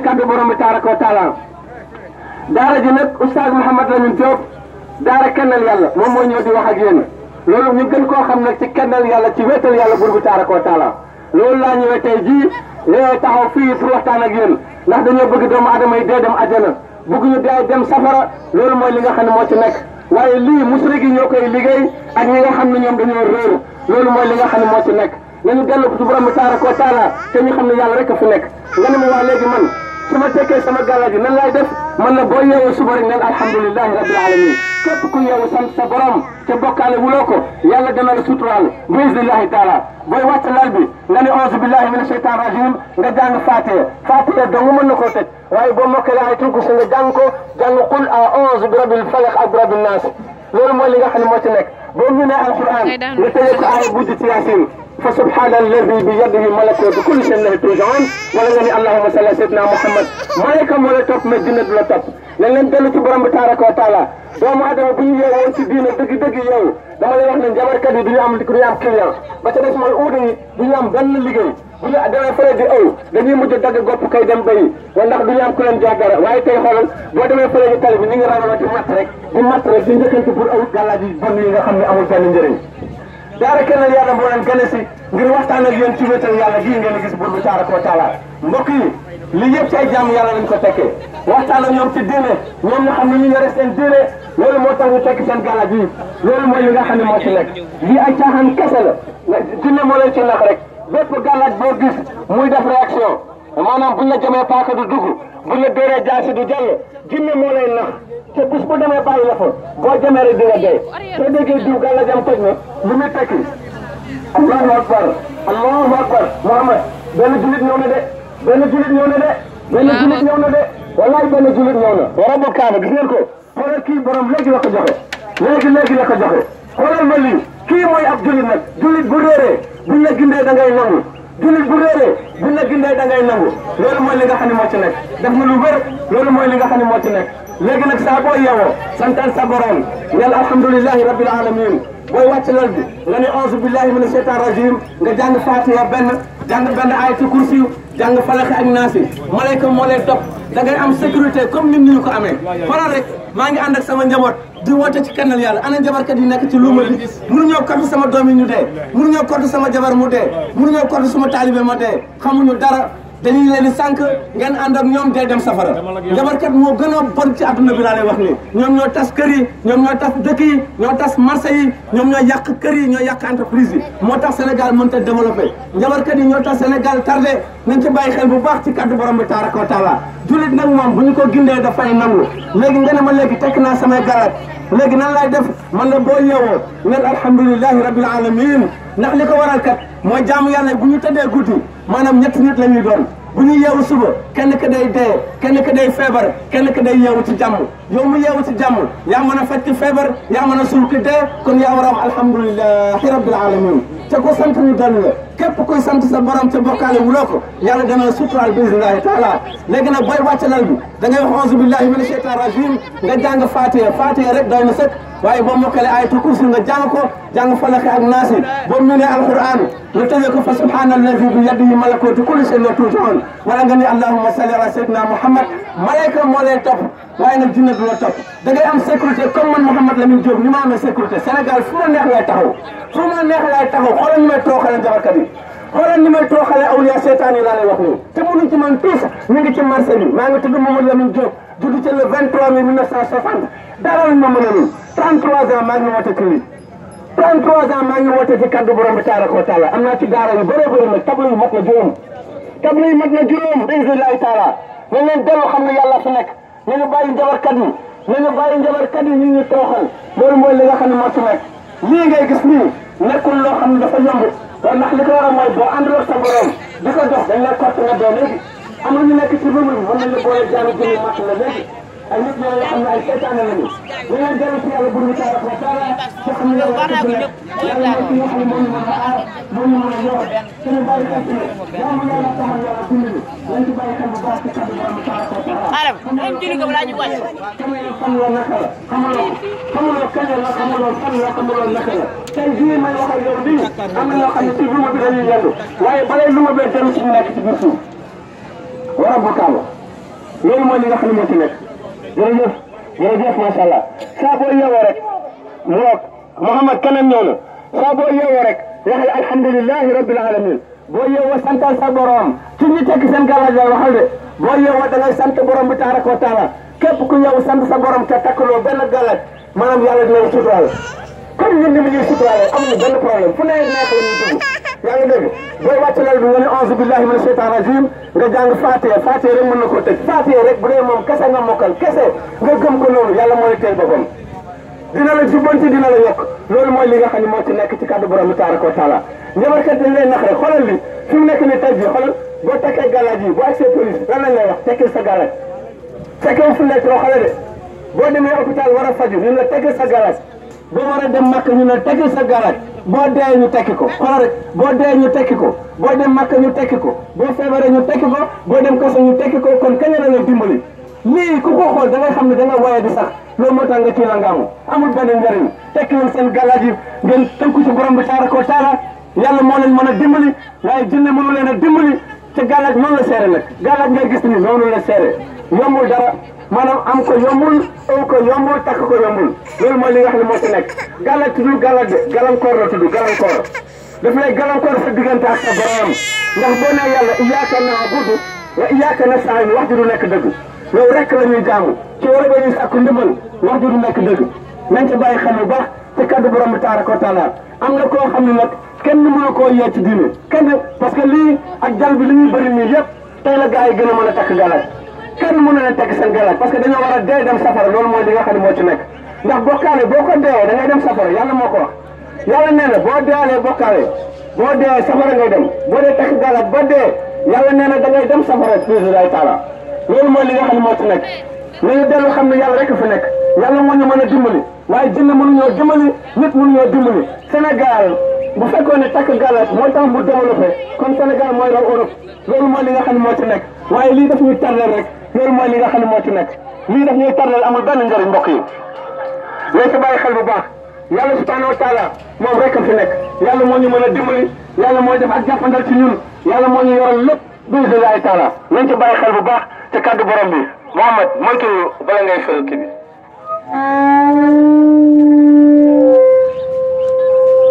ci kàddu borom bi tabaraka wa taala daara ji nag oustaz Mouhamed Lamine Diop daara kennal yàlla moom moo ñëw di wax a yéen loolu ñu gën koo xam nag ci kennal yàlla ci wéetal yàlla buur bi tabaraka wa taala loolu laa ñëwee tey jii eh, taxaw fii pour waxtaan ak yéen ndax dañoo bëgg doomu adama yi dee dem àjjana bëgg ñu dee dem safara loolu mooy li nga xam ne moo ci nekk waaye lii musrik yi ñoo koy liggéey a ñi nga xam ne ñoom dañoo réer loolu mooy li ne moo ci nekk nañu dellu ci borom bi tabaraka wa a fi nekk su ma tekkee sama galaaj nan laay def man la boo yeewu suba rek neen alhamdulilahi rabbil alamin képp ku yeewu sant sa borom te bokkaale wuloo ko yàlla dana la suturaal bi isnillahi taala booy wàcc lal bi nga ne onze billahi min cheytan rajim nga jàng faatiya faatiya dong mën na koo teg waaye boo mokkee ay tunku si nga jàng ko jàng qul a onze bi rabbil falaq ak bi rabbin naas loolu mooy li nga xam ne moo ci nekk boo ñu ne alquran nga tëjee ko ay guddi ci yaasin فسبحان الذي بيده ملكوت كل شيء له توجان ولكن اللهم صل سيدنا محمد ملك ملتوك من جنة ملتوك لن تلوت برم بتارك وطالة دوم عدم بيه وانت دين دقي دقي يو دوم عدم من جمرك دي ديام لكريام كريام بچه دسم الأوري ديام بن لغي بلا دوم فرد او دنيا مجد دقي غوب كي دم بي واندق ديام كريام جاگر وايت اي خلال بودم فرد تلو نيني رانواتي مطرق دي مطرق دي نجد كنت بور او غالا دي بني نخمي امو سان نجرين daara kennal yàlla moo leen gën ngir waxtaan ak yéen ci wéetal yàlla gii ngeen gis buur bi tabaaraka wa taala mbokk yi li yëpp ci ay jàmm yàlla lañ ko tekkee waxtaan a ñoom ci diine ñoom nga xam ne ñu yore seen diine loolu moo tax ñu tekki seen gàllaaj yi loolu mooy li nga xam ne moo ci nekk lii ay caaxaan kese la diine moo leen ci nax rek bépp gàllaaj boo gis muy def réaction maanaam buñ la jamee paaka du dugg buñ la dóoree jaasi du jàll jinne moo lay nax te bés bu demee bàyyi la fa boo jamee rek di nga dee soo déggee diw gàlla jam toj na lu muy tekki allahu a allahu akbar muhammad benn julit ñëw na de benn julit ñëw na de benn julit ñëw na de wallaay benn julit ñëw na warabul kaaba ngeen ko xoolal kii borom léegi la ko joxe léegi léegi la ko joxe xoolal kii mooy ab julit nag julit bu réeree buñ la gindee da ngay nangu jullit bu réeree jullit gi ndey da ngay nangu loolu mooy li nga xam ne moo ci nekk def na lu bër loolu mooy li nga xam ne moo ci nekk léegi nag saa boo yeewoo santaan sa borom yàlla alhamdulilahi rabbil alamin booy wàcc lal bi nga ne auzu billahi mina shaytan rajim nga jàng fatiha benn jàng benn ayatu kursi jàng falaxi ak naas yi malayka moo lay topp da ngay am sécurité comme nit ñu ko amee xoolal rek maa ngi ànd sama njaboot di woote ci kennal yàlla ana jabarkat yi nekk ci luuma bi mënuñoo kortu sama doom yi ñu dee mënuñoo kortu sama jabar mu dee mënuñoo kortu sama taalibe ma dee xamuñu dara dañuy leen di sànq ngeen ànd ak ñoom dee dem safara njabarkat moo gën a bon ci àdduna bi laa lay wax ni ñoom ñoo tas kër yi ñoom ñoo tas dëkk yi ñoo tas marché yi ñoom ñoo yàq kër yi ñoo yàq entreprise yi moo tax Sénégal mënut a développé njabarkat yi ñoo tax Sénégal tardé nañ ci bàyyi xel bu baax ci kàddu borom bi tabaraka taala julit nag moom bu ñu ko gindee dafay nangu léegi nga ne ma léegi tekk naa samay garat léegi nan lay def man la boo yeewoo ngeen alhamdulilahi rabbil alamin ndax li ko waral kat moy jaamu yalla buñu ñu tëddee guddi maanaam ñetti nit la doon buñu yewu suba kenn ka day dé kenn ka day feebar kenn ka day yewu ci jamm yow mu yewu ci jamm ya mëna a faj ya mëna yaa mën ki dee kon ya waram alhamdullilah rabbil alamin te ko sant ñu dal la kep ko sant sa borom ci bokale wu loko yalla dana suturaal bismillahi taala léegi nag booy wàcce bi da ngay wax billahi minash shaitanir rajim nga jang fatiha fatiha rek doy na sëkk waaye boo mokkale ayatul kursi nga jàng ko jàng falaki ak naasi boo mënee alquran nga tëjee ko fa subhana allazi bi yadihi malakutu kulli shay'in wa turja'un wala nga ni allahumma salli ala sayyidina muhammad malayka moo lay waaye nag dina du la topp da ngay am sécurité comme man Mouhamed Lamine Diop ni ma amee sécurité Sénégal fu ma lay taxaw fu ma lay taxaw xoolal ñu may tooxale jabarkat yi xoolal ni may tooxale awliya seetaan yi laa lay wax nii te mënuñ ci man tous ñu ngi ci marché bi maa ngi tudd 33 ans maa ngi woote ci lii 33 ngi woote ci kaddu borom bi taaraka wa taala am naa ci daara yu bëree bëri nag tableau yu mat na juróom tableau yu mat na juróom bismillahi taala na leen xam ne yàlla fi nekk nañu bàyyi njabarkat yi nañu bàyyi njabarkat yi ñu ñu tooxal loolu mooy li xam ne moo ci nekk lii ngay gis nii nekkul loo xam ne dafa yomb waaye ndax li ko war a mooy boo àndul ak sa borom di ko jox dañ la kott doo léegi na ñu ak ñëpp ñoo xam ne ay seetaan la ñu. ñu leen dellu si yàlla buñu tabax wa taala te xam ne yow yaa ngi ñëpp yàlla na ki nga xam ne moom ñu mën a aar moom ñu mën a yor suñu bàyyi xel ci ne yaa ngi leen a taxaw yàlla dund ñu lañ ci bàyyi xel bu baax ci kàddu borom bi tabax wa taala. Adam même julli nga balaa ñu wàcc. xamuloo fan la naka la xamuloo xamuloo kañ la xamuloo fan la xamuloo naka la tey jii may wax ak yow nii am na ñoo xam ne ci luuma bi dañuy yendu waaye balay luuma bee dellu ci ñu nekk ci biir suuf war a bokkaal loolu mooy li nga xam ne moo ci nekk jërëjëf jërëjëf macha allah saa boo yeewoo rek mu roog Mouhamad kanam ñëw na saa boo yeewoo rek waxal alhamdulilahi rabbil alamin boo yeewoo santal sa borom ci ñi tekki seen galaaj lay waxal de boo yeewoo da ngay sant borom bi tabaraka wa taala képp ku yeewu sant sa borom te takkaloo benn galaaj maanaam yàlla dina la suturaal comme ñun ni mu ñuy suturaale amuñu benn problème fu ne neex la ñuy dugg yaa ngi degg boo wàcc lal bi nga ne auzu billahi mina shaytaan rajim nga jàng faatiha faatiha rek mën na koo tëj faatiha rek bu dee moom kese nga mokkal kese nga gëm ko noonu yàlla mooy teel boppam dina la jubbanti dina la yokk loolu mooy li nga xam ne moo ci nekk ci kàddu borom bi tabaraka wa taala njabarkat dañ lay nax rek xoolal li fi mu nekk nii tey jii xoolal boo tekkee galaaj yi boo agsee police lan lañ lay wax tekkil sa galaaj tekkil fu nekk loo xale de boo demee hôpital war a faju ñu la tekkil sa galaaj boo war a dem màkk ñu la tekkil sa galaaj boo dee ñu tekki ko xoolal rek boo dee ñu tekki ko boo dem Makka ñu tekki ko boo feebaree ñu tekki ko boo dem kaso ñu tekki ko kon kañ la lay dimbali lii ko ko xool da xam ne da nga waaye di sax loolu moo tax nga ci la ngaamu amul benn njëriñ tekki leen seen galaaj yi ngeen tënku ci borom bi taara koo taala yàlla moo leen mën a dimbali waaye jinne mënu leen a dimbali te galaaj noonu la seere nag galaaj ngay gis ni noonu la seere yombul dara maanaam am ko yombul aw ko yombul takk ko yombul loolu mooy li nga xam moo ci nekk gàllank tudd gàllankoor la tudd gàllankoor daf lay gàllankoor sa diggante ak sa borom ndax boo nee yàlla iyyaka na'budu wa iyyaka nasta'in wax ji du nekk dëgg rek la ñuy jaamu ci wala ba ñuy sàkku ndimbal wax ji du nekk dëgg nañ ci bàyyi xel bu baax ci kaddu borom bi tabaraka wa taala am na koo xam ne nag kenn mënu koo yee ci diine kenn parce que lii ak jal bi li ñuy bëri nii yëpp tey la gaa yi gën a mën a takk gàllank kenn mën na leen teg seen galaaj parce que dañoo war a dee dem safara loolu mooy li nga xam nekk ndax bokkaale boo ko deewee da ngay dem safara yàlla moo ko wax yàlla nee na boo deealee bokkaale boo dee safara ngay dem boo dee takk galaaj ba dee yàlla nee na da ngay dem safara bisimilahi taala loolu mooy li nga xam ne moo ci nekk nañu dellu xam ne yàlla rek fi nekk yàlla moo ñu mën a dimbali waaye jinne mënuñoo dimbali nit mënuñoo dimbali Sénégal bu fekkoon ne takk galaaj mooy tax mu développé kon Sénégal mooy raw Europe loolu mooy li nga moo ci nekk waaye lii daf ñu tardé loolu mooy li nga xam ne moo ci métti lii daf ñuy tardel amul benn njëriñ mbokk yi léegi bàyyi xel bu baax yàlla subhanahu wa taala moom rek fi nekk yàlla moo ñu mën a dimbali yàlla moo def ak jàppandal ci ñun yàlla moo ñu yoral lépp biir lillahi taala nañ ci bàyyi xel bu baax te kàddu borom bi Mouhamed moytu bala ngay fël kii bi